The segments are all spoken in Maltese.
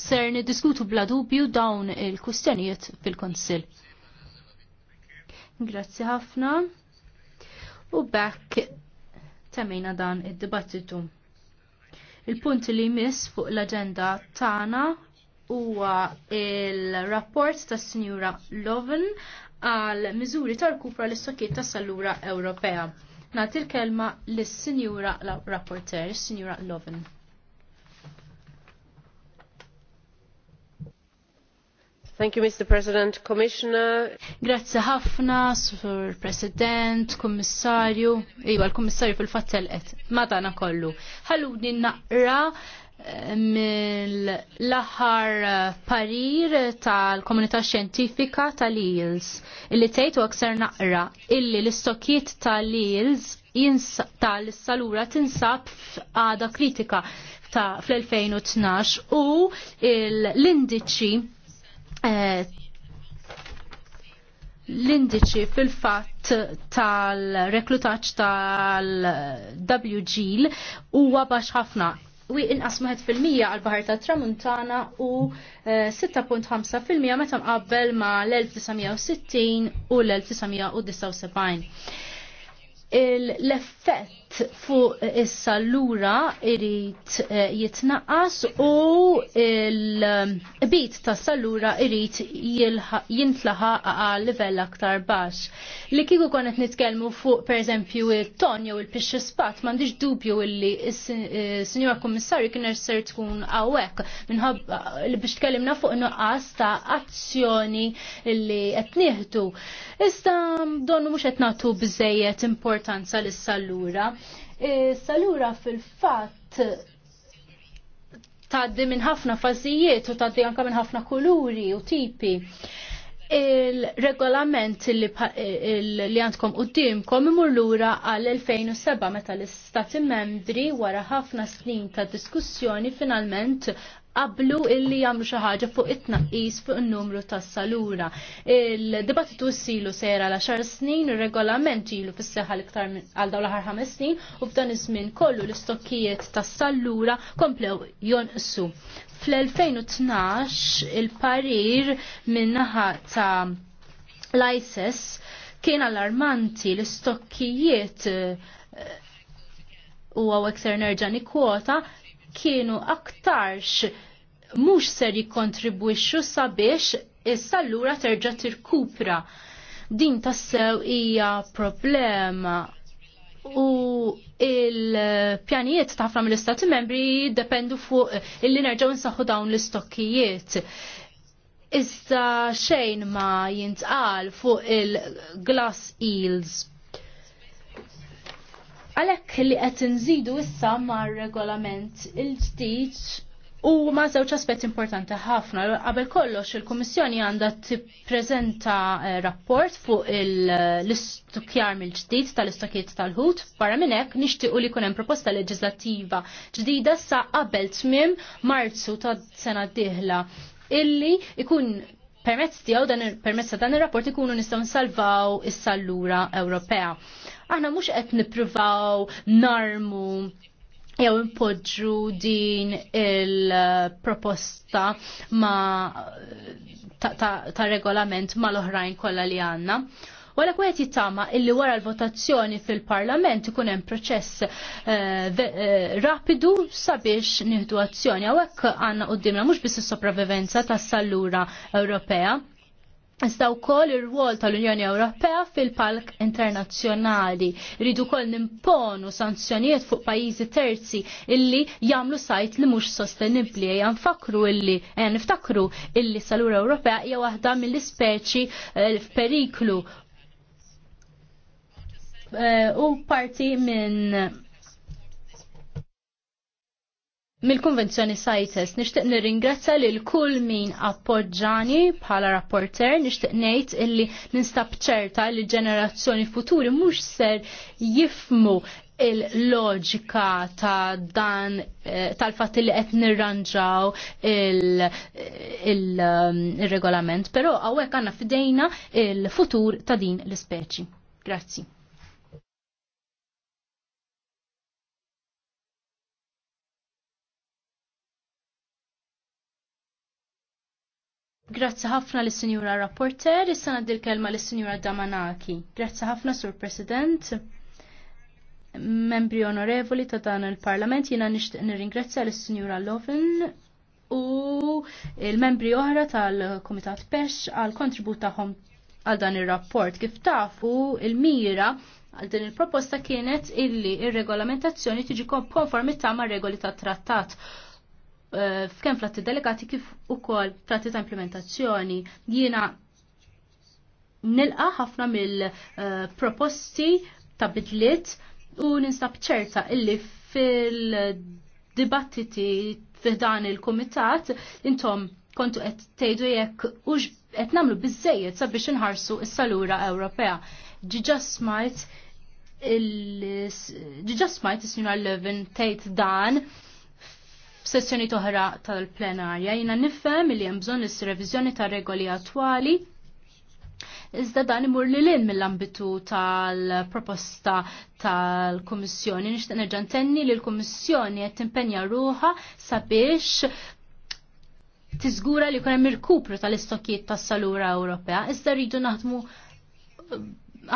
ser niddiskutu bla dubju dawn il-kustjonijiet fil-Konsil. Grazzi ħafna. U bekk temmina dan id-dibattitu. Il-punt li jmiss fuq l-agenda tagħna huwa il-rapport tas-Sinjura Loven għal miżuri tal-kupra l-istokkiet tas-Sallura Ewropea. Nagħti l-kelma lis-Sinjura Rapporter, Sinjura Loven. Thank you, Mr. President. Commissioner. Grazie ħafna, Sur President, Kommissarju. Iwa, l-Kommissarju fil-fattelqet. Madana kollu. Ħalluni naqra eh, mill-aħħar eh, parir tal-komunità xjentifika tal ils illi tgħid aktar naqra illi l-istokkiet tal ils tal-salura tinsab f'għada kritika ta' fl-2012 u l-indiċi Eh, l-indiċi fil-fatt tal-reklutaċ tal-WGL huwa għabax ħafna u inqas fil-mija għal baħar tat Tramuntana u 6.5% eh, meta qabbel ma l-1960 u l-1979 l-effett fuq is-sallura irid eh, jitnaqqas u l-bit tas sallura irid jintlaħa għal livell aktar baxx. Li kiku konet nitkellmu fuq pereżempju il-ton jew il-pixxi spat m'għandix dubju illi s-Sinjora eh, Kummissarju kien ser tkun għawek minħabba li biex tkellimna fuq nuqqas ta' azzjoni li qed nieħdu. donu donnu mhux qed nagħtu import importanza l sallura Salura e, fil-fat taddi minn ħafna fażijiet u taddi anka minn ħafna kuluri u tipi. Il-regolament li, e, li għandkom u dimkom imur lura għal-2007 meta l-Stati membri wara ħafna snin ta' diskussjoni finalment qablu illi jagħmlu xi ħaġa fuq it-tnaqqis fuq in-numru tas-salura. Il-dibattitu ssilu sera la xar snin, ir-regolament ilu fis-seħħa l-iktar għal dawn l-aħħar ħames snin u f'dan iż-żmien kollu l-istokkijiet tas-salura komplew jonqsu. Fl-2012 il-parir min-naħa ta' l-ISIS kien allarmanti l-istokkijiet eh, u għaw ekser nerġani kwota kienu aktarx mhux ser jikkontribwixxu sabiex issa allura terġa' tirkupra. Din tassew hija problema u il-pjanijiet ta' ħafna mill-istati membri jiddependu fuq illi nerġgħu nsaħħu dawn l-istokkijiet. Issa xejn ma jintqal fuq il-glass eels Għalhekk li qed inżidu issa mar-regolament il-ġdid U ma żewġ aspett importanti ħafna. Qabel kollox il-Kummissjoni għandha tippreżenta eh, rapport fuq l-istukjar mill-ġdid tal-istokiet tal-ħut. Barra minn hekk nixtiequ li jkun hemm proposta leġislattiva ġdida sa qabel tmiem Marzu ta' sena d-dieħla illi ikun permezz tiegħu dan permezz ta' dan ir-rapport ikunu nistgħu nsalvaw is-sallura Ewropea. Aħna mhux qed nippruvaw narmu jew impoġġu din il-proposta ma ta', regolament mal-oħrajn kollha li għandna. Wara kwet jittama illi wara l-votazzjoni fil-parlament ikun hemm proċess eh, eh, rapidu sabiex nieħdu azzjoni. Hawnhekk għandna qudiemna mhux biss is-sopravivenza tas-sallura Ewropea, Iżda wkoll ir-rwol tal-Unjoni Ewropea fil-palk internazzjonali. Ridu wkoll nimponu sanzjonijiet fuq pajjiżi terzi illi jagħmlu sajt li mhux sostenibbli Jan fakru illi jan niftakru illi salura Ewropea hija waħda mill-ispeċi eh, f'periklu eh, u parti minn mill-konvenzjoni sajtes, Nishtiq nirringrazzja l kull min appoġġani bħala rapporter, nishtiq ngħid illi ninstab ċerta li ġenerazzjoni futuri mhux ser jifmu il-loġika ta' dan eh, tal fat li qed nirranġaw il-regolament, il, il, um, il però hawnhekk għandna fidejna il-futur ta' din l-ispeċi. Grazzi. Grazzi ħafna l sinjura Rapporter, issa naddi l-kelma lis sinjura Damanaki. Grazzi ħafna, Sur President. Membri onorevoli ta' dan il-Parlament, jiena nixtieq nirringrazzja lis sinjura Lovin u il-membri oħra tal-Komitat Pesh għal kontribut tagħhom għal dan ir-rapport. Kif tafu il-mira għal din il-proposta kienet illi il regolamentazzjoni tiġi konformità ma' regoli tat trattat Eh, f'kemm fratti delegati kif ukoll fratti ta' implementazzjoni. Jiena nilqa ħafna mill-proposti eh, ta' bidliet u ninsab ċerta illi fil-dibattiti f'dan il-komitat intom kontu qed tgħidu jekk ux qed nagħmlu biżejjed sabiex inħarsu s-salura Ewropea. Ġiġa smajt ġiġa smajt is-sinjor Levin tgħid dan sessjoni toħra tal-plenarja. Jina nifhem li hemm bżonn revizjoni tar-regoli attwali Iżda dan imur li lin mill-ambitu tal-proposta tal kummissjoni Nixtieq nerġa' ntenni li l kummissjoni qed timpenja ruha sabiex tiżgura li jkun hemm irkupru tal-istokkijiet tas-salura Ewropea. Iżda rridu naħdmu eh,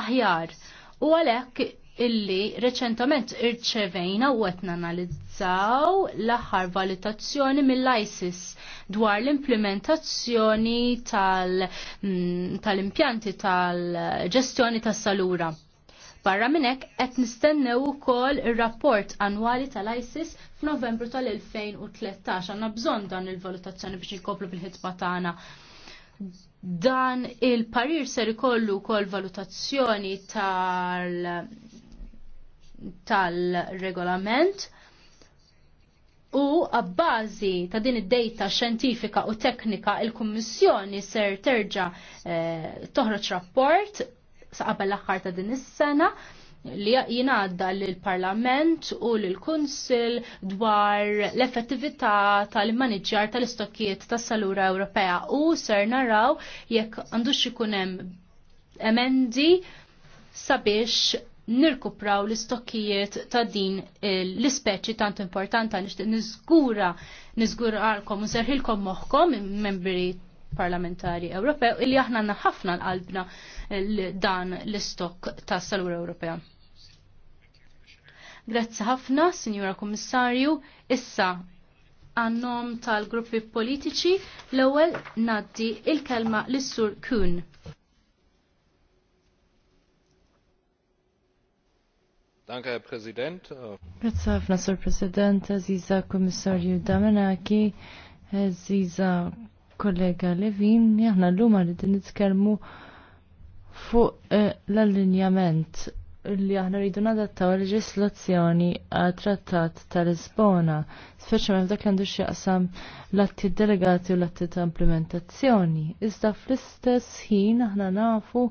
aħjar. U għalhekk illi reċentament irċevejna u għet l-aħħar valutazzjoni mill-ISIS dwar l-implementazzjoni mm, tal-impjanti tal tal-ġestjoni tas-salura. Barra minnek qed nistennew ukoll ir-rapport annwali tal-ISIS f'Novembru tal-2013 għandna bżonn dan il-valutazzjoni biex inkoplu bil-ħitba tagħna dan il-parir ser ikollu kol valutazzjoni tal tal-regolament u għabbażi ta' din id-dejta xjentifika u teknika il-Kummissjoni ser terġa eh, toħroġ rapport saqabel l-aħħar ta' din is-sena li jingħadda lill-Parlament u lill-Kunsil dwar l-effettività tal-maniġġar tal-istokkiet tas-salura Ewropea u ser naraw jekk għandux ikun hemm emendi sabiex nirkupraw l-istokkijiet ta' din l-ispeċi tant importanta nixtieq niżgura għalkom u serħilkom moħħkom membri parlamentari Ewropew illi aħna naħafna ħafna l-qalbna dan l-istokk ta' salura Ewropea. Grazzi ħafna, Signora Kummissarju. Issa għannom tal-gruppi politiċi l-ewwel naddi il-kelma l sur Kun. Danke, Herr Präsident. Grazie ħafna, Sir President, Aziza Kommissarju Damanaki, Aziza kollega Levin, jahna l-lum għalli nitkelmu fuq eh, l-allinjament li aħna rridu nadattaw il-ġislazzjoni għal trattat tal-Lisbona, speċjalment f'dak li għandu xieqsam l-atti delegati u l-atti ta' implementazzjoni. Iżda fl-istess ħin aħna nafu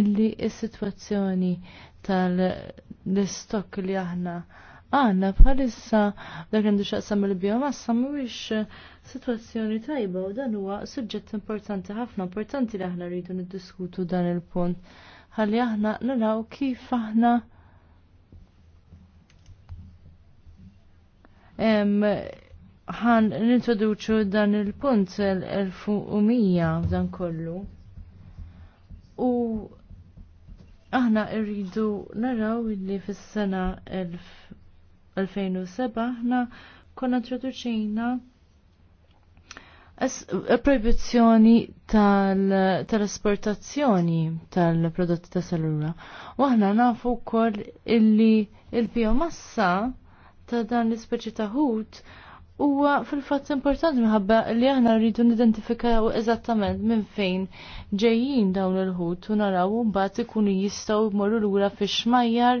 illi s-sitwazzjoni tal-istok li aħna għanna bħalissa dak għandu xaqsam il-biomassa mhuwiex situazzjoni tajba u dan huwa suġġett importanti ħafna importanti li aħna rridu niddiskutu dan il-punt ħalli aħna naraw kif aħna ħan nintroduċu dan il-punt l-1100 dan kollu. U aħna rridu naraw illi fis-sena 2007 aħna konna introduċejna proibizjoni tal-esportazzjoni tal-prodotti ta' salura. Waħna nafu kol illi il-biomassa ta' dan l-ispeċi ta' ħut huwa fil-fatt importanti minħabba li aħna rridu nidentifikaw eżattament minn fejn ġejjin dawn il-ħut u naraw mbagħad ikunu jistgħu jmorru lura fix-xmajjar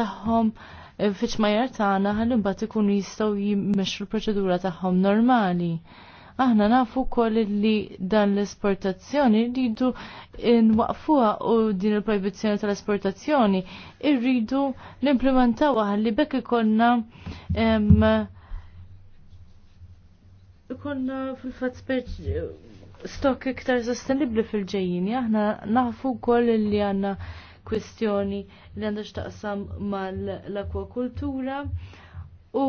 tagħhom eh, fix-xmajjar tagħna ħalli mbagħad ikunu jistgħu jimexxu l-proċedura tagħhom normali. Aħna nafu wkoll li dan l-esportazzjoni rridu nwaqfuha u din il-proibizzjoni tal-esportazzjoni irridu nimplementawha ħalli bekk ikollna ikonna fil-fat stok iktar sostenibli fil-ġejjin, aħna nafu wkoll li għandna kwestjoni li għandha x'taqsam mal-akwakultura u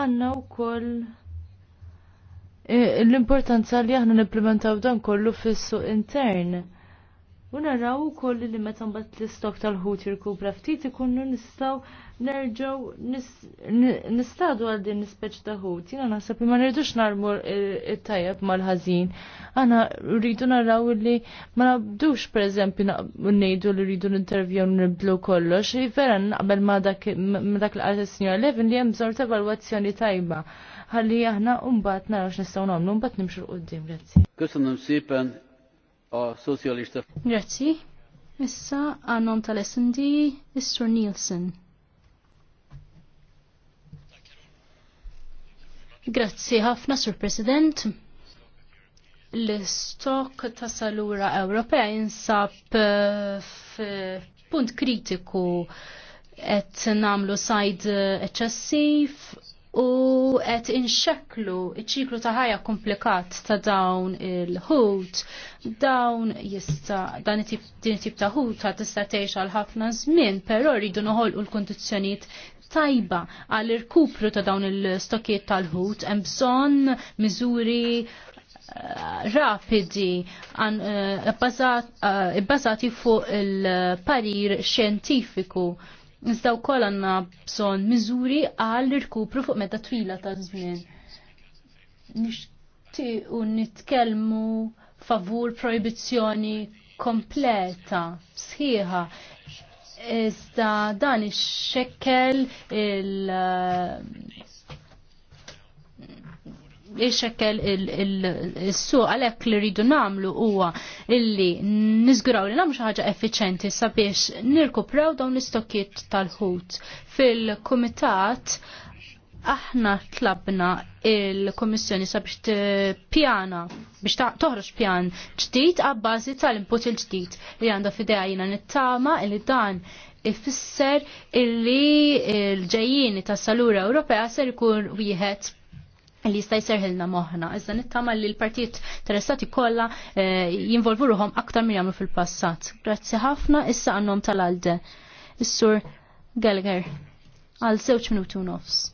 għandna wkoll eh, l-importanza li aħna nipplementaw dan kollu fis-suq intern. U naraw ukoll li meta mbagħad l-istok tal-ħut jirkupra ftit ikunu nistgħu nerġgħu nistadu għal din nispeċ ta' ħut. Jiena naħseb ma rridux narmu it-tajjeb mal-ħażin. Aħna rridu naraw li ma nabdux pereżempju ngħidu li rridu nintervjew nibdlu kollox. Vera naqbel ma dak l-qalt is-Sinjor Levin li hemm bżonn ta' evalwazzjoni tajba. Ħalli aħna mbagħad narax nistgħu nagħmlu mbagħad nimxu l-qudiem. Grazzi. Socialista. Grazzi. Issa għannom tal-SND, Mr. Nielsen. Grazzi ħafna, Sur President. L-istok ta' salura Ewropea jinsab eh, punt kritiku et namlu sajd eh, eċessiv u qed inxeklu iċiklu ċiklu ta' ħajja komplikat ta' dawn il-ħut, dawn jista' dan din tip ta' ħut ta' tista' tgħix għal ħafna żmien, però rridu noħolqu l-kundizzjonijiet tajba għal irkupru ta' dawn il-stokkiet tal-ħut, hemm bżonn miżuri eh, rapidi eh, bazati eh, fuq il-parir xjentifiku Nistaw kol għanna bżon miżuri għal l-rkupru fuq meta twila ta' żmien. Nixtiequ nitkellmu favur proibizzjoni kompleta, sħiħa. Iżda dan ix-xekkel il- il-xekkel il-suq għalhekk li rridu nagħmlu huwa illi niżguraw li nagħmlu xi ħaġa effiċenti sabiex nirkupraw dawn l-istokkiet tal-ħut. Fil-kumitat aħna tlabna il-Komissjoni sabiex pjana biex toħroġ pjan ġdid għabbażi tal-input il-ġdid li għandha fideja jina nittama li dan ifisser illi l-ġejjini tas-salura Ewropea ser ikun wieħed li jista' jserħilna moħħna. Iżda nittama li l-partijiet interessati kollha eh, jinvolvu ruhom aktar minn jagħmlu fil-passat. Grazzi ħafna issa għandhom tal-alde. Is-sur Gallagher għal żewġ minuti u nofs.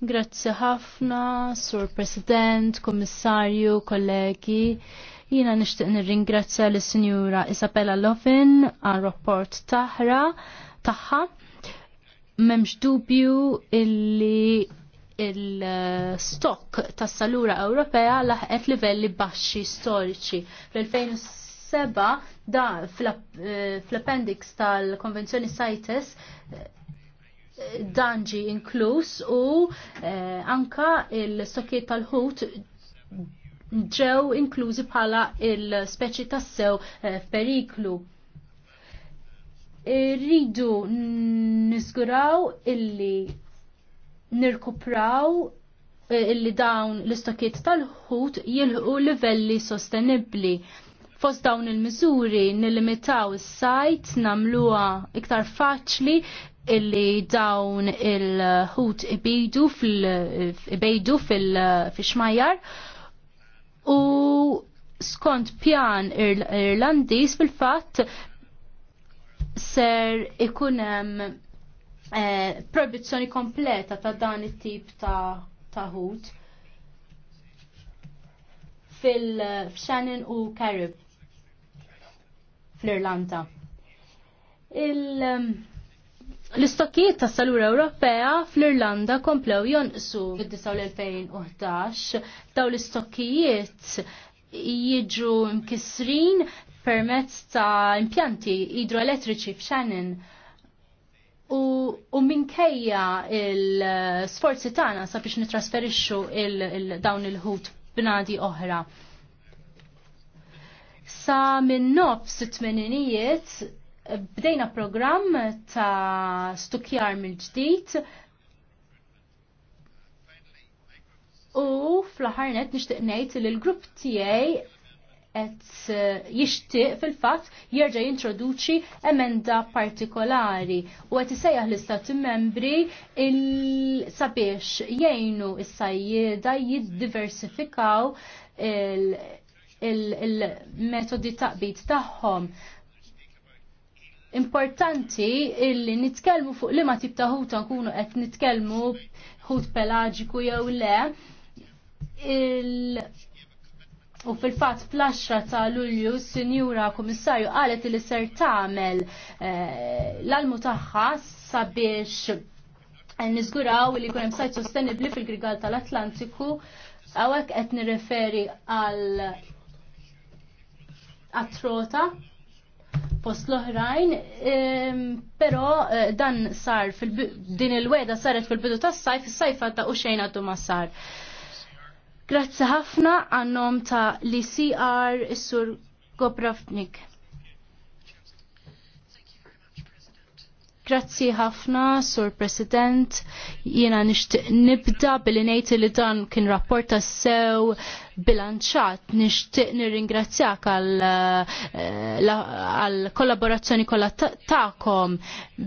Grazzi ħafna, Sur President, Kommissarju, kollegi. Jina nishtiq nirringrazzja l-Sinjura Isabella Lovin għal rapport taħra taħħa memx dubju illi il-stock tas salura Ewropea laħqet livelli baxxi storiċi. Fl-2007 da eh, fl-appendix tal-konvenzjoni CITES eh, danġi inkluż u eh, anka il-stokkiet tal-ħut ġew inklużi bħala il-speċi tas-sew f'periklu. Rridu niskuraw illi nirkupraw eh, illi dawn l-istokiet tal-ħut jilħu livelli sostenibli. Fost dawn il-miżuri nilimitaw is-sajt namluwa iktar faċli illi dawn il-ħut ibidu fil-ibidu xmajjar u skont pjan irlandis fil-fatt ser ikun hemm eh, proibizzjoni kompleta ta' dan it-tip ta' taħut fil-Shannon u Carib fl-Irlanda. Ehm, l-istokkijiet ta' salura Ewropea fl-Irlanda komplew jonqsu fid-19 daw l-istokkijiet jiġu mkisrin permezz ta' impjanti idroelettriċi f'Shannon u, u minkejja il-sforzi tagħna sabiex nitrasferixxu il, il dawn il-ħut b'nadi oħra. Sa minn nofs it-tmeninijiet bdejna programm ta' stukjar mill-ġdid u fl-ħarnet nixtieq ngħid li l-grupp tiegħi qed eh, jixtieq fil-fatt jerġa' jintroduċi emenda partikolari u qed isejjaħ l-istati membri sabiex jgħinu s-sajjieda jiddiversifikaw il-metodi taqbit tagħhom importanti illi nitkellmu fuq li ma tip ta' nkunu qed nitkellmu pelagiku jew le il U fil-fat fl-10 ta' Lulju, Sinjura Komissarju qalet li ser tagħmel eh, l-almu tagħha sabiex eh, niżguraw li jkun hemm sajt sostenibbli fil-Grigal tal-Atlantiku. Hawnhekk qed nirreferi għal atrota post l-oħrajn, ehm, però eh, dan sar fil din il-weda saret fil-bidu tas-sajf, is-sajf għadda u xejn għaddu ma sar. Grazzi ħafna għannom ta' li CR Sur Gobrovnik. Grazzi ħafna, Sur President. Jiena nixtieq nibda billi ngħid li dan kien rapporta sew bilanċat. Nixtieq nirringrazzjak għal eh, kollaborazzjoni kollha tagħkom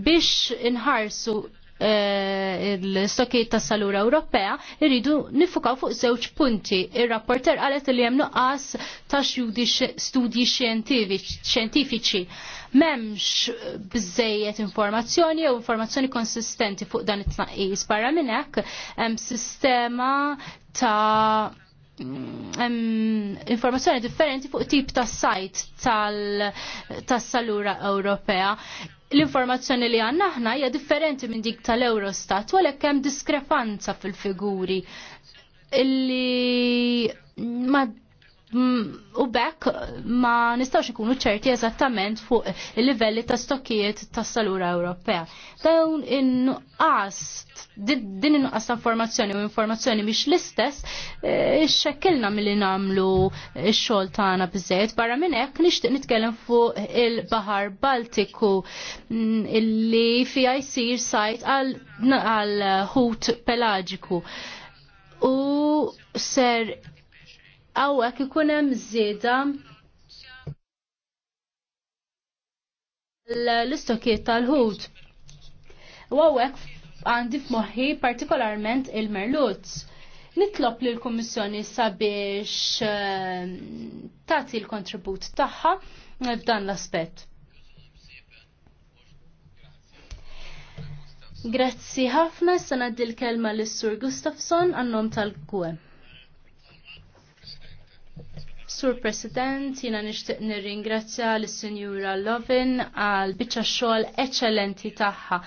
biex inħarsu Eh, l-stokkijiet tas salura Ewropea irridu nifukaw fuq żewġ punti. Ir-rapporter qalet li hemm nuqqas ta' studji xjentifiċi. M'hemmx biżejjed informazzjoni jew informazzjoni konsistenti fuq dan it-tnaqqis. Barra minn hekk hemm sistema ta' informazzjoni differenti fuq tip ta' sajt tas-salura Ewropea. L-informazzjoni li għanna aħna hija differenti minn dik tal-Eurostat, u għalhekk hemm diskrepanza fil-figuri illi ma Mm, u bekk ma nistawx ikunu ċerti eżattament fuq il-livelli ta' stokkijiet ta' salura Ewropea. Dawn in-nuqqas, din in-nuqqas ta' informazzjoni u informazzjoni mhix l-istess, eh, xekkilna mill-li namlu xol tagħna bizzejt. Barra minn hekk nixtieq nitkellem fuq il-Bahar Baltiku mm, illi fija jsir sajt għal ħut pelagiku. U ser ikun hemm zida l-istokiet tal-ħut. U għawek għandi f'moħħi partikolarment il-merluz. Nitlob li l-Kommissjoni sabiex eh, tagħti l-kontribut tagħha f'dan l-aspett. Grazzi ħafna, s-sanad il-kelma l-Sur Gustafsson għannom tal gwem Sur President, jina nishtiq nirringrazzja l-Sinjura Lovin għal biċċa xogħol eċċellenti tagħha.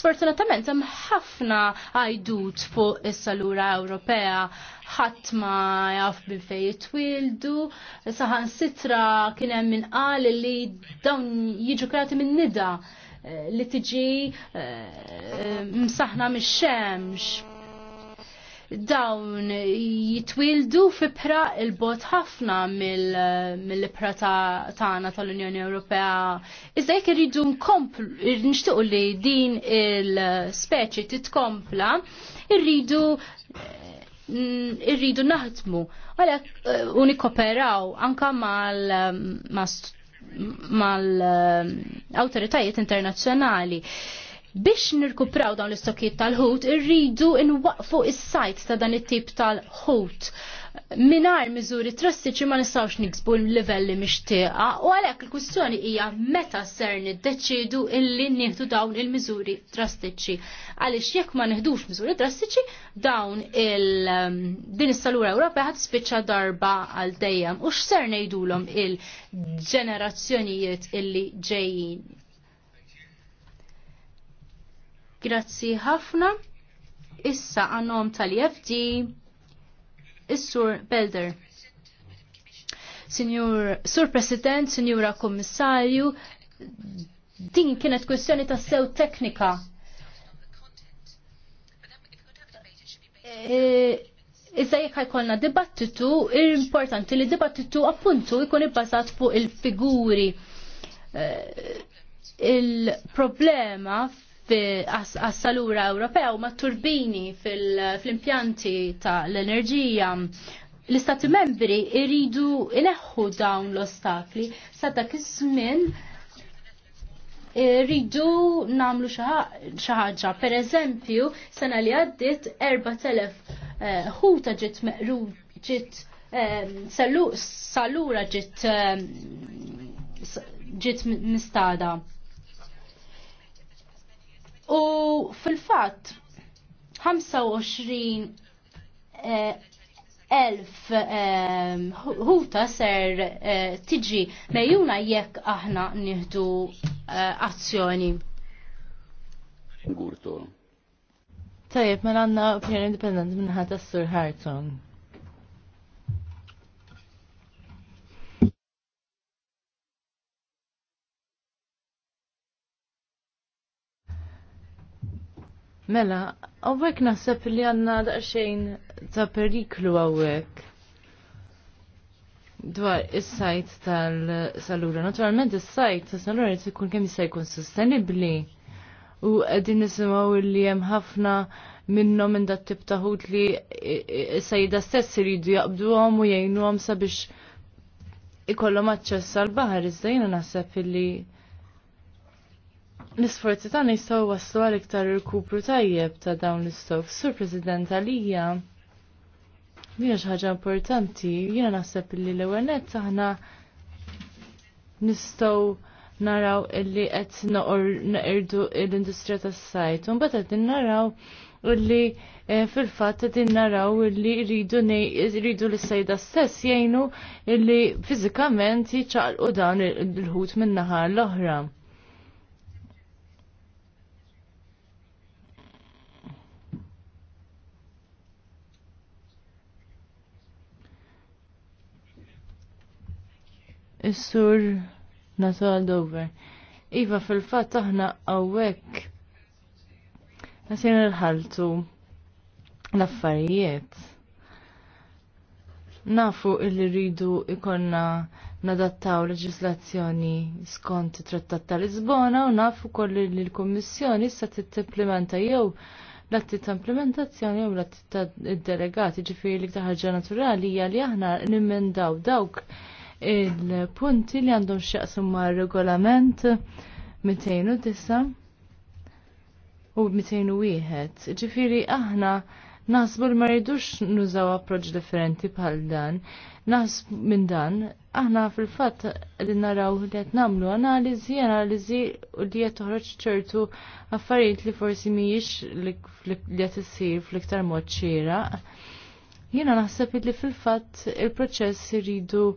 Sfortunatament hemm ħafna għajdut fuq is-salura Ewropea ħadd ma jaf minn fejn jitwildu, saħan sitra kien hemm min qal li dawn jiġu krati minn nida eh, li tiġi eh, msaħna mix-xemx dawn jitwildu fi pra il-bot ħafna mill-pra tagħna tal-Unjoni Ewropea. Iżda jekk irridu nkomplu, li din il-speċi titkompla, irridu eh, irridu naħdmu. Għalek eh, operaw anka mal eh, mal-autoritajiet internazzjonali. Biex nirkupraw dawn l istokiet tal-ħut, irridu waqfu is-sajt ta' dan it-tip tal-ħut. Minar miżuri trastiċi ma nistawx niksbu l-livelli mixtieqa u għalhekk il-kwistjoni hija meta ser niddeċidu illi nieħdu dawn il-miżuri drastiċi. Għaliex jekk ma neħdux miżuri drastiċi dawn il um, din is-salura Ewropea ħad spiċċa darba għal dejjem u x'ser ngħidulhom il-ġenerazzjonijiet illi ġejjin Grazzi ħafna. Issa għannom tal-IFD Is-Sur Belder. Signor, Sur President, Signora Kommissarju, din kienet kwestjoni ta' sew teknika. E, iżda jekk ħajkolna dibattitu, importanti li dibattitu appuntu jkun ibbażat fuq il-figuri. E, il-problema għas-salura Ewropea u ma' turbini fil-impjanti ta' l-enerġija l-istati membri iridu ineħħu dawn l-ostakli sa dak iż-żmien iridu namlu xaħġa. Per eżempju, sena li għaddit 4000 eh, ħuta ġit meqru ġit eh, salura ġit eh, ġit mistada. U fil-fatt 25,000 eh, eh, huta ser eh, tiġi mejjuna jekk aħna nieħdu azzjoni. Gurtu. Tajib, mela għandna opinjoni indipendenti minn ħadd Sur Harton. Mela, għawek naħseb li għanna daqxejn ta' periklu għawek dwar is-sajt tal-salura. Naturalment is-sajt tal-salura jt ikun kemm jista' jkun sostenibbli. U qegħdin nisimgħu li hemm ħafna minnhom minn dat tip taħut li sajda stess iridu jaqbduhom u jgħinuhom sabiex ikollhom aċċess għall baħar iżda naħseb illi l-isforzi tagħna jistgħu waslu għal iktar rkupru tajjeb ta' dawn l-istok. Sur President għalija, din xi ħaġa importanti, jiena naħseb li l-ewwel nett aħna nistgħu naraw illi qed naqirdu l-industrija tas-sajt. U mbagħad qed naraw illi eh, fil-fatt qed naraw illi rridu l-sajda stess jgħinu illi fiżikament jiċċaqlqu dan il-ħut min-naħa l-oħra. Is-sur Natal Dover. Iva fil-fatt aħna għawek nasin il-ħaltu l-affarijiet. Nafu illi rridu ikonna nadattaw leġislazzjoni skont trattat ta' Lisbona u nafu kolli li l-Kommissjoni sa tittiplementa jew l-atti ta' implementazzjoni jew l-atti ta' delegati ġifiri li ħaġa naturali hija li aħna nimmendaw dawk il-punti li għandhom xieqsum mar regolament 209 u 201. Ġifiri aħna Nasbu li ma rridux nużaw approċ differenti bħal dan. Nas minn dan, aħna fil-fatt li naraw li qed nagħmlu analiżi, analiżi u li qed toħroġ ċertu affarijiet li forsi mhijiex li qed issir fl-iktar mod xieraq. Jiena naħseb li fil-fatt il-proċess iridu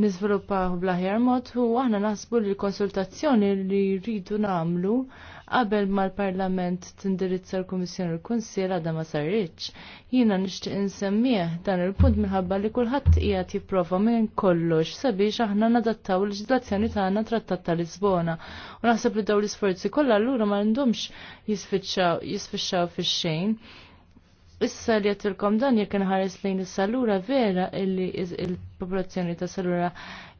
nizviluppaw blaħjar mod u aħna naħsbu li konsultazzjoni li rridu namlu qabel ma l-Parlament tindirizza l-Kummissjoni u l kunsil għadha ma sarriċ. Jiena nixtieq insemmih dan il-punt minħabba li kulħadd qiegħed jipprova minn kollox sabiex aħna nadattaw l-leġislazzjoni tagħna trattat ta' Lisbona. U naħseb li daw l-isforzi kollha allura ma għandhomx jisfixxaw fix-xejn. Issa li għattilkom dan jek nħares lejn is-salura vera illi il-popolazzjoni ta' salura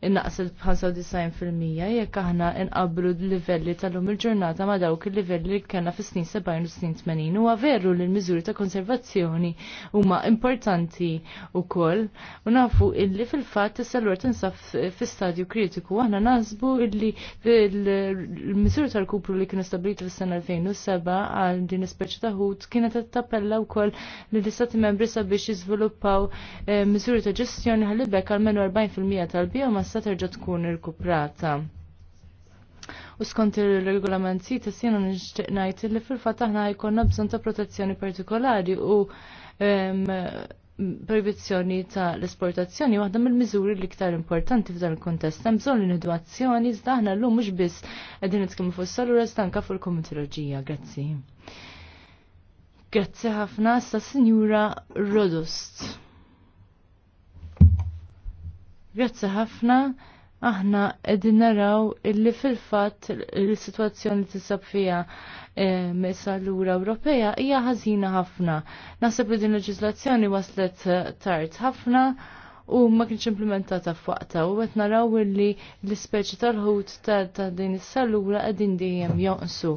innaqsel b'95% jekk aħna inqablu l-livelli tal-lum il-ġurnata ma dawk il-livelli li kellna fis-snin 70 u snin 80. Huwa veru li l-miżuri ta' konservazzjoni huma importanti wkoll u nafu illi fil-fatt is-sellur tinsab fi stadju kritiku aħna nasbu illi l-miżuri tal-kupru li kienu stabiliti fis-sena 2007 għal din ispeċi ta' ħut kienet tappella wkoll li l-istati membri sabiex jiżviluppaw eh, miżuri ta' ġestjoni ħalli bekk għal menu 40% tal bija tista' terġa' tkun irkuprata. U skont il-regolament sita sina nixtieq ngħid li fil-fatt aħna jkollna bżonn ta' protezzjoni partikolari u proibizzjoni ta' l-esportazzjoni waħda mill-miżuri l-iktar importanti f'dan il-kontest. Hemm bżonn li iżda aħna llum mhux biss qegħdin nitkellmu fuq s salura stanka fuq il komitologija Grazzi. Grazzi ħafna sa' Sinjura Rodost. Grazzi ħafna. Aħna qegħdin naraw illi fil-fatt l-sitwazzjoni li tisab fiha eh, mesa l-ura Ewropea hija ħażina ħafna. Naħseb li din leġiżlazzjoni waslet tard ħafna u ma kienx implementata f'waqta u qed naraw li l-ispeċi tal-ħut ta' din is-salura qegħdin dejjem jonqsu.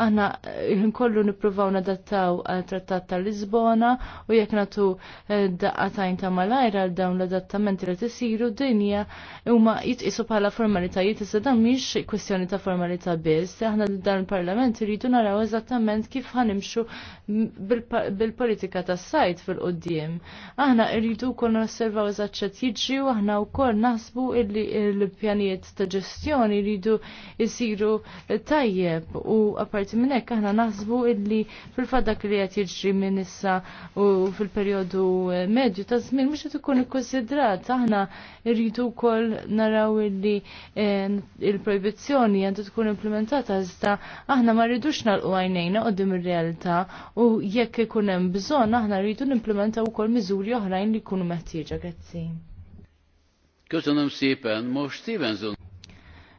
Aħna eh, nkollu nippruvaw nadattaw għal trattat tal-Lisbona u jekk nagħtu eh, daqqatajn ta' malajra għal dawn l-adattamenti li tisiru dinja huma jitqisu bħala formalitajiet iżda dan mhix kwestjoni ta' formalità biss. Aħna dan il-Parlament iridu naraw eżattament kif ħanimxu bil-politika tas-sajt fil-qudiem. Aħna rridu kol nosservaw eżatt monitoraġġ qed jiġri u aħna wkoll naħsbu illi l-pjanijiet ta' ġestjoni rridu jsiru tajjeb u apparti minn hekk aħna naħsbu illi fil fadak li qed jidġi minn issa u fil-perjodu medju ta' żmien mhux qed ikun ikkonsidrat aħna rridu wkoll naraw illi eh, il-projbizzjoni għandu tkun implementata iżda aħna ma rridux nagħlqu għajnejna qudiem ir-realtà u jekk ikun hemm bżonn aħna rridu nimplementaw ukoll miżuri oħrajn li jkunu meħtieġa grazzi. Grazzi. Köszönöm szépen, most Stevenson.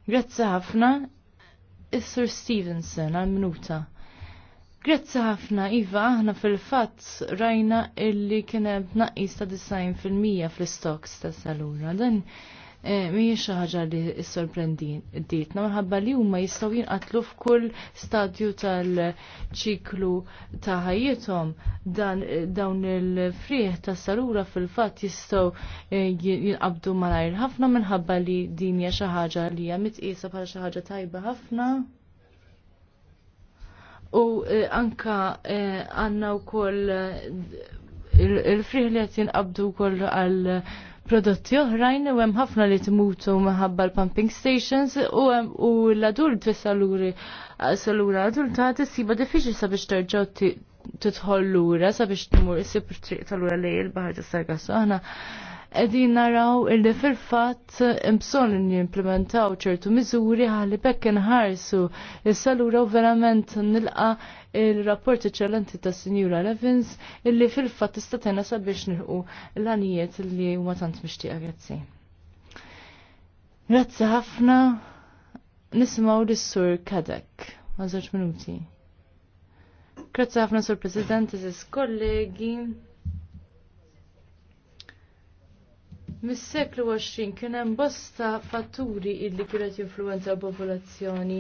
Grazzi ħafna, is Stevenson, għal-minuta. Grazzi ħafna, Iva, aħna fil-fatt rajna illi kienem naqis ta' 90% fil-mija fl-stocks ta' salura. Dan Eh, mhijiex xi ħaġa li sorprenditna minħabba li huma jistgħu jinqatlu f'kull stadju tal-ċiklu ta' ħajjithom dan eh, dawn il friħ ta' sarura fil-fatt jistgħu eh, jinqabdu malajr ħafna minħabba li din hija xi ħaġa li hija mitqiesa bħala xi ħaġa tajba ħafna. U anka għanna wkoll il-friħ li qed jinqabdu wkoll għal prodotti oħrajn u hemm ħafna li tmutu minħabba l-pumping stations u u l-adult saluri salura adulta tisiba diffiċli sabiex terġgħu tidħol lura sabiex tmur isib triq tal lura lejl il-baħar tas-sargassu. Aħna Qegħdin naraw illi fil fatt imbson n-implementaw ċertu miżuri ħalli bekk inħarsu is salura u verament nilqa il-rapport eċċellenti ta' Sinjura Levins illi fil-fatt tista' tena sabiex nilqu l-anijiet li huma tant mixtieqa grazzi. Grazzi ħafna nisimgħu lis-Sur Kadek ma' żewġ minuti. Grazzi ħafna Sur President, eżis kollegi. Mis-seklu 20 kien hemm bosta fatturi illi kienet jinfluwenza l-popolazzjoni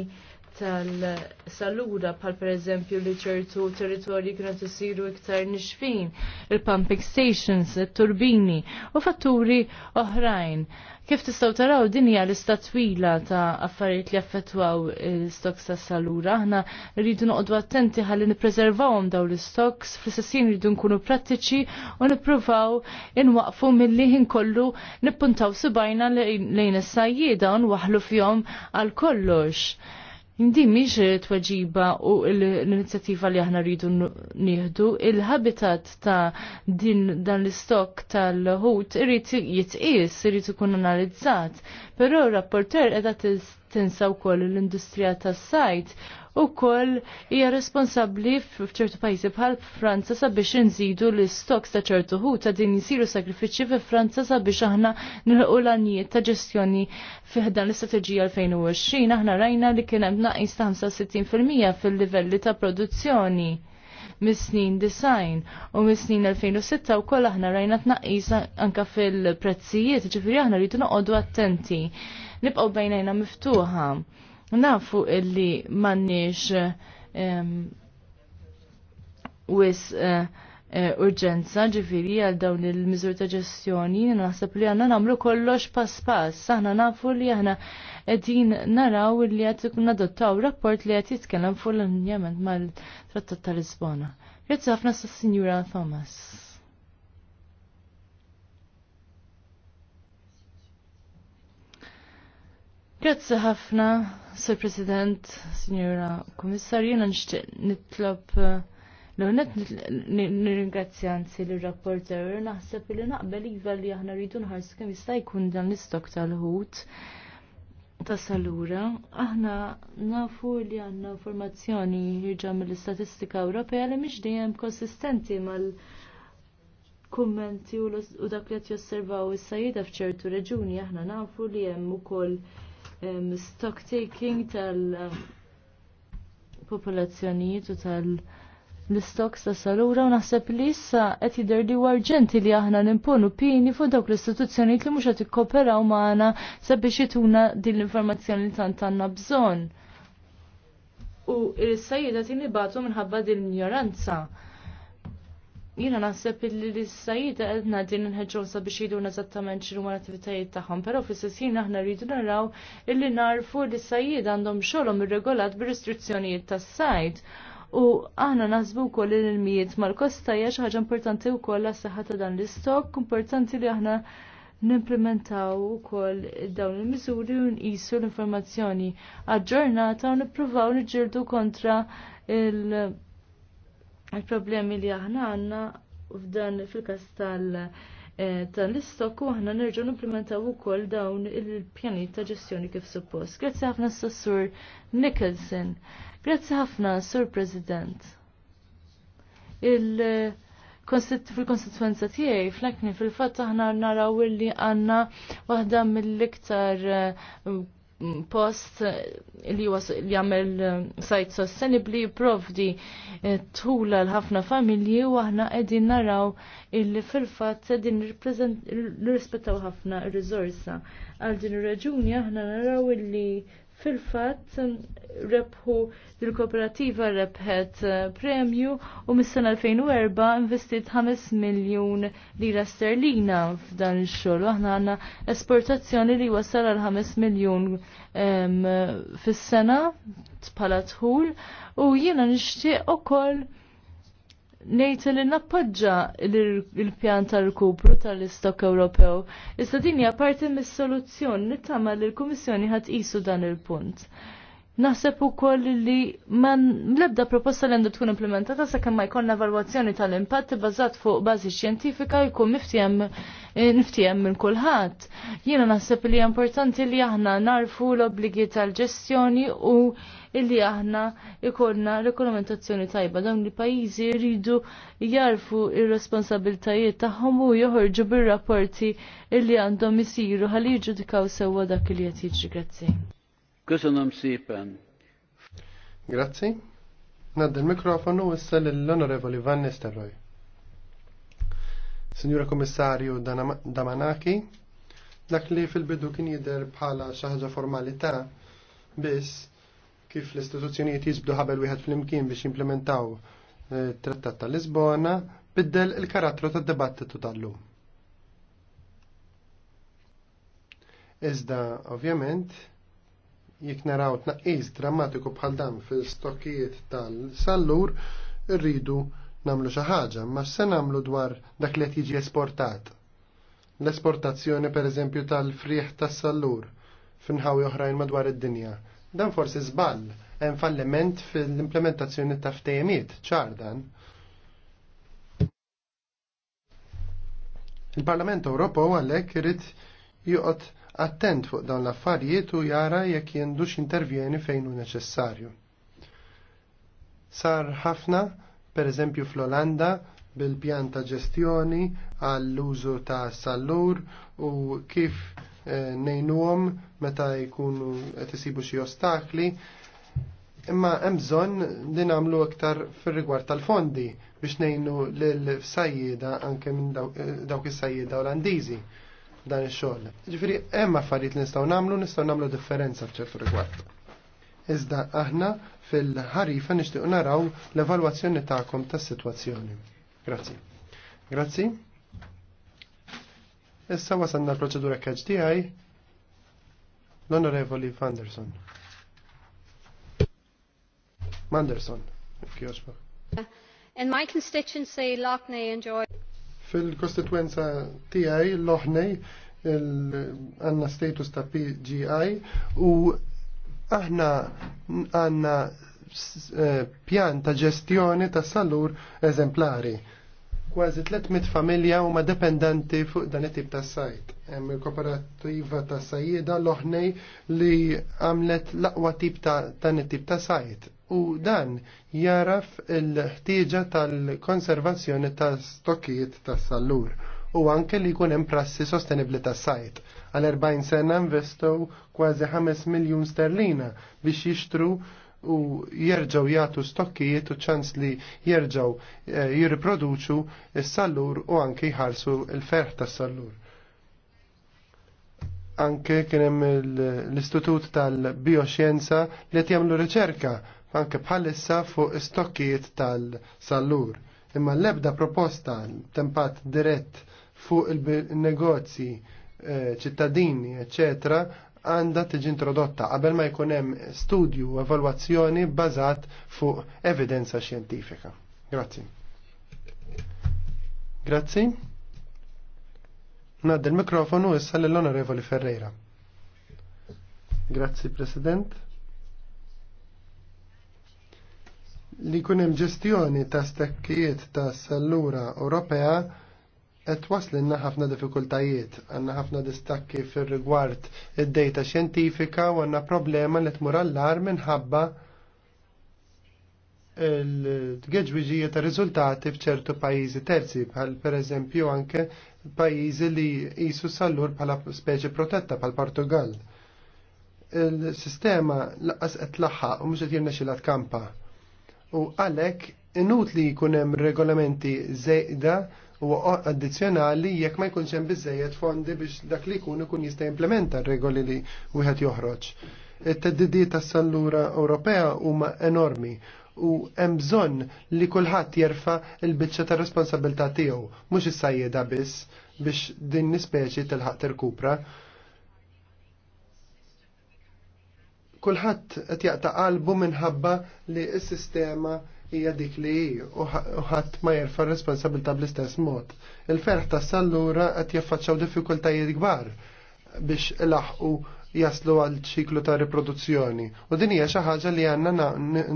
tal-salura pal per eżempju li ċertu territorji kienu isiru iktar nixfin, il-pumping stations, il-turbini u fatturi oħrajn. Kif tistaw taraw din hija lista twila ta' affarijiet li affettwaw l stoks ta' salura, aħna rridu noqogħdu attenti ħalli nippreservawhom daw l-istoks, fl-istessin rridu nkunu prattiċi u nippruvaw inwaqfu milli kollu nippuntaw subajna lejn is-sajjieda u nwaħlu fihom għal kollox Indi miex tweġiba u l-inizjattiva li aħna rridu nieħdu, il-habitat ta' din dan l-istok tal-ħut irrid jitqies, irrid ikun analizzat. Però rapporter qiegħda tinsa wkoll l-industrija tas-sajt u koll hija responsabli f'ċertu pajjiżi bħal Franza sabiex inżidu l-istoks ta' ċertu hu ta' din jisiru sakrifiċċji fi Franza sabiex aħna nilħu l-għanijiet ta' ġestjoni fiħdan l-istrateġija 2020 aħna rajna li kien hemm naqis ta' 65% fil-livelli ta' produzzjoni mis-snin design u mis-snin 2006 u koll aħna rajna tnaqqis anka fil-prezzijiet, ġifiri aħna rridu noqogħdu attenti. Nibqgħu bajnajna miftuħa Nafu illi mannix wis eh, eh, urġenza ġifiri għal dawn il-mizur ta' ġestjoni, naħseb li għanna namlu kollox pass pass, aħna nafu li aħna edin naraw li għat ikun adottaw rapport li għat jitkellem fuq l injament mal-Trattat ta' Lisbona. Grazzi ħafna sa' Signora Thomas. Grazzi ħafna, Sir President, Signora Komissarju, jena nixtieq nitlob eh, l-għonet nirringrazzja l-rapporter, naħseb li naqbel iva li aħna rridu nħarsu kemm jista' jkun dan l-istok tal-ħut ta' salura, aħna nafu li għandna informazzjoni ħirġa mill-istatistika Ewropea li mhix dejjem konsistenti mal- kummenti u dak li qed josservaw is sajida f'ċertu reġuni aħna nafu li hemm ukoll Um, stock taking tal-popolazzjonijiet u tal l-istok ta' salura u naħseb li issa qed jidher li arġenti li aħna nimponu pini fuq dawk l-istituzzjonijiet li mhux qed ikkoperaw magħna sabiex jituna din l-informazzjoni li tant għandna bżonn. U il-sajjida ti batu minħabba din l-ignoranza jina naħseb li l-sajida għedna din nħedġaw sabiex jidu eżattament xinu għal attivitajiet taħħom, pero fl-sessin aħna rridu naraw illi narfu li sajida għandhom xolom irregolat bir-restrizzjonijiet tas sajt U aħna naħsbu wkoll li l-mijiet mal-kosta jax ħagġa ħaġa importanti wkoll għas-saħħa ta' dan l istok importanti li aħna nimplementaw ukoll dawn il-miżuri u nqisu l-informazzjoni aġġornata u nippruvaw niġġieldu kontra il- għal-problemi li aħna għanna f'dan fil-kas tal- dan eh, l-istokku aħna nerġgħu nimplementaw ukoll dawn il-pjani ta' ġestjoni kif suppost. Grazzi ħafna s-sur Nicholson. Grazzi ħafna sur President. fil konstituenza tiegħi flekni fil-fatt aħna naraw li għandna waħda mill-iktar eh, post li was li jagħmel eh, sajt sostenibli provdi eh, tula l-ħafna familji u aħna qegħdin naraw illi fil-fatt qegħdin nirrispettaw ħafna r rizorsa Għal din ir-raġuni aħna naraw illi fil-fatt rebħu dil-kooperativa rebħet eh, premju u mis-sena 2004 investit 5 miljon lira sterlina f'dan il-xogħol. Aħna għandna esportazzjoni li wasal għal 5 miljon fis-sena bħala tħul u jiena nixtieq ukoll nejt li nappoġġa il-pjan tal-kupru tal-istok Ewropew. Issa din hija parti mis-soluzzjoni nittama li l-Kummissjoni ħadd isu dan il-punt. Naħseb ukoll li man l-ebda proposta li għandu tkun implementata sakemm ma jkollna evalwazzjoni tal-impatt bbażat fuq bażi xjentifika jkun miftiem eh, minn kulħadd. Jiena naħseb li importanti li aħna narfu l-obbligi tal-ġestjoni u li aħna ikolna rekomendazzjoni tajba dawn li pajjiżi jridu jarfu ir-responsabiltajiet tagħhom u joħorġu bir-rapporti li għandhom isiru ħalli jiġudikaw sewwa dak li qed jiġri. Grazzi. Köszönöm szépen. Grazzi. Nadd il-mikrofonu issa l-Onorevoli Van Nistelrooy. Signora Komissarju Damanaki, dak li fil-bidu kien jider bħala xaħġa formalità biss kif l-istituzzjonijiet jisbdu ħabel wieħed fl-imkien biex jimplementaw eh, trattat ta' Lisbona biddel il-karattru tad dibattitu tal-lum. Iżda, ovvjament, jek naraw tnaqqis drammatiku bħal dan fil-stokkijiet tal-sallur, rridu namlu xi ħaġa, ma se namlu dwar dak li qed jiġi esportat. L-esportazzjoni pereżempju tal-frieħ tas-sallur f'inħawi oħrajn madwar id-dinja. Dan forsi żball hemm falliment fil-implementazzjoni ta' ftehimiet ċar dan. Il-Parlament Ewropew għalhekk irid joqgħod attent fuq dawn l-affarijiet u jara jekk jendux intervjeni fejn hu neċessarju. Sar ħafna, per eżempju fl-Olanda, bil-pjan ta' ġestjoni għall-użu ta' sallur u kif eh, nejnuhom meta jkunu qed isibu xi ostakli. Imma hemm bżonn li nagħmlu aktar fir-rigward tal-fondi biex nejnu lil sajjieda anke minn eh, dawk is-sajjieda Olandiżi dan il xogħol Ġifieri hemm affarijiet nistgħu nagħmlu nistgħu nagħmlu differenza f'ċertu rigward. Iżda aħna fil-ħarifa nixtiequ naraw l-evalwazzjoni tagħkom tas-sitwazzjoni. Grazzi. Grazzi. Issa wasanna l-proċedura KHDI l-Onorevoli Fanderson. Manderson, if you In my constituency, Lockney enjoyed... Fil-kostituenza tiegħi l-oħnej għanna status ta' PGI u aħna għanna eh, pjan ta' ġestjoni ta' salur eżemplari. Kważi 300 familja huma dependenti fuq dan it-tip ta' sajt hemm il kooperattiva ta' sajjida oħnej li għamlet l-aqwa tip ta' dan it-tip ta' sajt. U dan jaraf il-ħtieġa tal-konservazzjoni ta' stokkijiet ta' sallur u anke li jkun hemm prassi sostenibbli ta' sajt. Għal 40 sena investow kważi 5 miljun sterlina biex jixtru u jerġaw jagħtu stokkijiet u ċans li jerġaw eh, jirriproduċu s-sallur u anke jħarsu l-ferħ tas-sallur anke kien hemm l-Istitut tal-Bioxjenza li qed jagħmlu riċerka anke bħalissa fuq stokkijiet tal-sallur. Imma l-ebda proposta tempat dirett fuq il-negozji eh, ċittadini, eccetera, għanda tiġi introdotta qabel ma jkun hemm studju u evalwazzjoni bbażat fuq evidenza xjentifika. Grazzi. Grazzi. Nad il-mikrofonu issa l-Onorevoli Ferreira. Grazzi President. Li kunem ġestjoni ta' stekkijiet ta' sallura Ewropea qed waslinna ħafna difikultajiet, għanna ħafna distakki fir-rigward id-dejta xjentifika u għandna problema li tmur allar minħabba il-tgeġwiġija ta' riżultati f'ċertu pajjiżi terzi, bħal per eżempju anke pajjiżi li jisu sallur bħala speċi protetta bħal Portugal. Il-sistema laqqas qed laħħa u mhux qed jirnexxilha kampa. U għalhekk inutli jkun hemm regolamenti żejda u addizzjonali jekk ma jkunx hemm biżejjed fondi biex dak li jkun ikun jista' jimplementa r-regoli li wieħed joħroġ. it teddidi tas-sallura Ewropea huma enormi u hemm bżonn li kulħadd jerfa' il biċċa ta' responsabilità tiegħu, mhux is-sajjeda biss biex din nispeċi tilħaq tirkupra. Kulħadd qed jaqta' qalbu minħabba li s-sistema hija dik li hi u ħadd ma jerfa' responsabilta bl-istess mod. Il-ferħ tas-sallura qed jaffaċċaw diffikultajiet kbar biex ilaħqu jaslu għal ċiklu ta' riproduzzjoni. U din hija xi ħaġa li għandna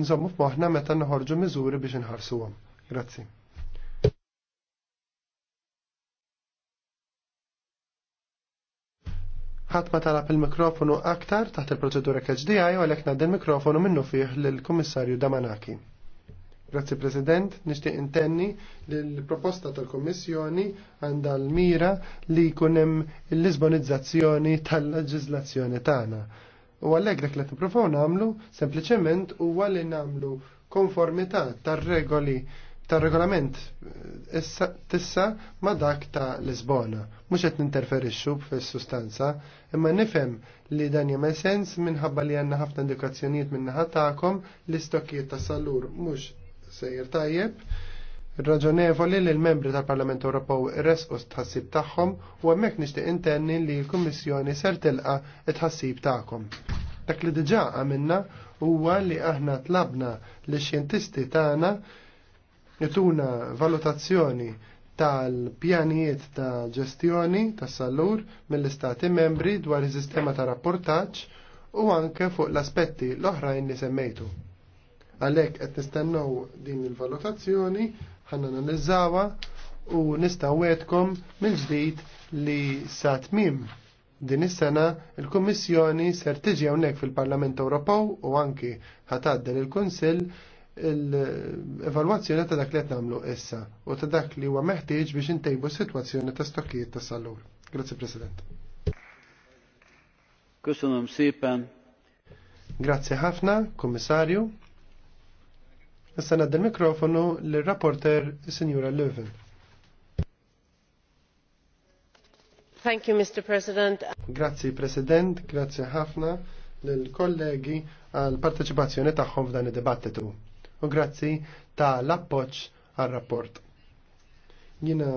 nżommu f'moħħna meta noħorġu miżuri biex inħarsuhom. Grazzi. ħadd ma talab il-mikrofonu aktar taħt il-proċedura KHDI u għalhekk ngħaddi il-mikrofonu minnu fih lill-Kummissarju Damanaki. Grazzi President, nixtieq intenni li l-proposta tal-Kommissjoni għandha l-mira li jkun hemm l-lisbonizzazzjoni tal-leġiżlazzjoni tagħna. U għalhekk dak li nippruvaw nagħmlu sempliċement huwa li nagħmlu konformità tar-regoli tar-regolament eh, issa tissa ma dak ta' Lisbona. Mhux qed ninterferixxu fis-sustanza, imma nifhem li dan jagħmel sens minħabba li għandna ħafna indikazzjonijiet min-naħa tagħkom li stokkijiet ta' salur mhux sejjer tajjeb, raġonevoli li l-membri tal-Parlament Ewropew resqu tħassib tagħhom u hemmhekk nixtieq intenni li l-Kummissjoni ser tilqa t-ħassib tagħkom. Dak li diġà għamilna huwa li aħna tlabna li xjentisti tagħna jituna valutazzjoni tal-pjanijiet ta' ġestjoni ta' salur mill-istati membri dwar is-sistema ta' rapportaġġ u anke fuq l-aspetti l-oħrajn li semmejtu. Għalhekk qed nistennew din il-valutazzjoni, ħanna analizzawa u nistawetkom mill-ġdid li sa tmim din is-sena il-Kummissjoni ser tiġi hawnhekk fil-Parlament Ewropew u anki ħataddel il-Kunsill l-evalwazzjoni ta' dak li qed nagħmlu issa u ta' dak li huwa meħtieġ biex intejbu s-sitwazzjoni ta' stokkijiet ta' salur. Grazzi President. Kusunum sipa. Grazzi ħafna, Kummissarju. Issa nadda mikrofonu l-rapporter Signora Löwen. Thank you, Mr. President. Grazzi, President, grazzi ħafna l-kollegi għal parteċipazzjoni tagħhom f'dan id-dibattitu. U grazzi ta' l-appoġġ għal-rapport. Jina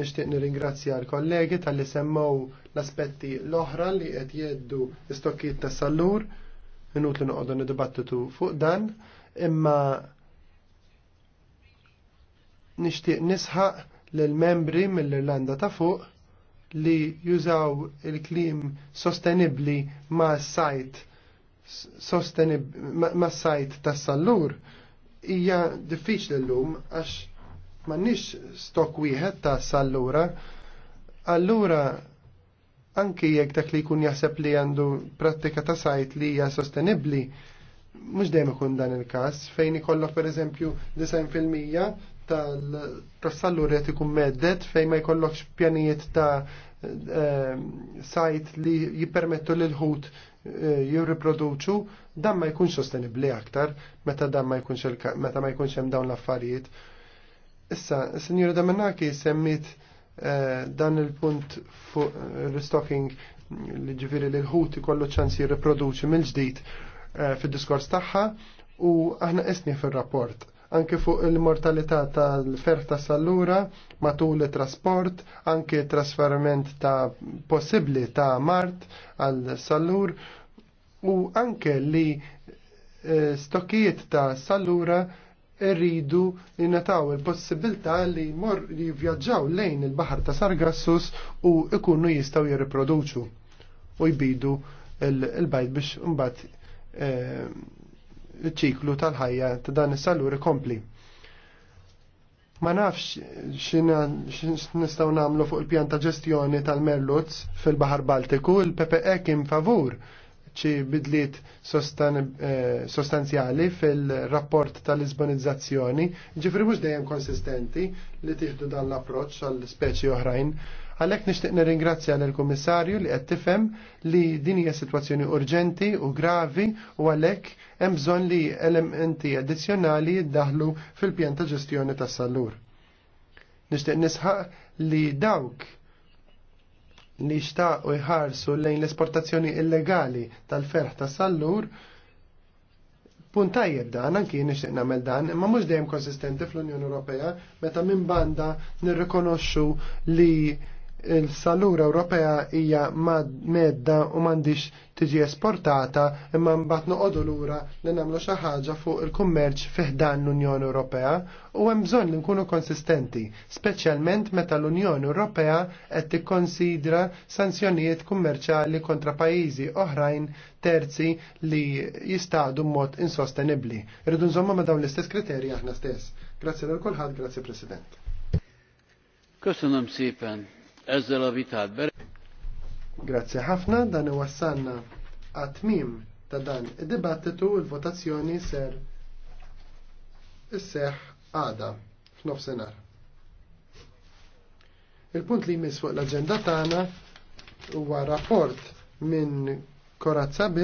nixtieq nirringrazzja l-kollegi tal-li semmaw l-aspetti l-oħra li qed jeddu istokkijiet tas-sallur, inutli noqogħdu nidibattitu fuq dan, imma nixtieq nisħaq lill-membri mill-Irlanda ta' fuq li jużaw il-klim sostenibli ma' sajt sostenib ma' sajt tas sallur hija diffiċli llum għax nix stok wieħed ta' sallura. Allura anki jekk dak li jkun jaħseb li għandu prattika ta' sajt li hija sostenibbli, mhux dejjem ikun dan il-każ fejn ikollok pereżempju 90% tal-saluri qed ikun meddet fejn ma jkollokx pjanijiet ta' eh, sajt li jippermettu l ħut eh, jirriproduċu dan ma jkunx sostenibbli aktar meta dan ma jkunx meta ma jkunx hemm dawn l-affarijiet. Issa, Sinjura Damanaki semmit eh, dan il-punt fuq restocking li ġifiri li l-ħut ikollu ċans jirriproduċi mill-ġdid fid-diskors tagħha u aħna esni fil-rapport anke fuq il-mortalità tal-ferħ ta' sallura matul it-trasport, anke trasferiment ta' possibbli ta' mart għal sallur u anke li eh, stokkijiet ta' sallura irridu jinnataw il-possibilità li mor li vjaġġaw lejn il-bahar ta' Sargassus u ikunu jistaw jirriproduċu u jbidu il-bajt biex mbagħad eh, ċiklu tal-ħajja ta' dan is-salur ikompli. Ma nafx x'nistgħu nagħmlu fuq il-pjan ta' ġestjoni tal-Merluz fil-Baħar Baltiku, il-PPE kien favur ċi bidliet eh, sostanzjali fil-rapport tal-izbonizzazzjoni, ġifri mhux dejjem konsistenti li tieħdu dan l approċċ għall speċi oħrajn. Għalhekk nixtieq nirringrazzja lill kummissarju li qed tifhem li din hija sitwazzjoni urġenti u gravi u għalhekk hemm bżonn li elementi addizzjonali jiddaħlu fil-pjan ta' ġestjoni tas-sallur. Nixtieq nisħaq li dawk li xtaq u jħarsu lejn l-esportazzjoni illegali tal-ferħ ta' sallur, pun tajjeb dan, anki nixtieq nagħmel dan, imma mhux dejjem konsistenti fl-Unjoni Ewropea meta minn banda nirrikonoxxu li il-salura Ewropea hija medda u m'għandix tiġi esportata imma mbagħad noqogħdu lura li nagħmlu xi ħaġa fuq il-kummerċ fiħdan l-Unjoni Ewropea u hemm bżonn li nkunu konsistenti, speċjalment meta l-Unjoni Ewropea qed tikkonsidra sanzjonijiet kummerċali kontra pajjiżi oħrajn terzi li jistgħu mod insostenibbli. Irridu nżomma ma dawn l-istess kriterji aħna stess. Grazzi lil kulħadd, grazzi President. Köszönöm sipen, ezzel a vitát Grazie ħafna, dan wassanna għatmim ta' dan id-dibattitu il-votazzjoni ser is-seħ għada senar. Il-punt li jmiss fuq l-agenda tagħna huwa rapport minn Korazza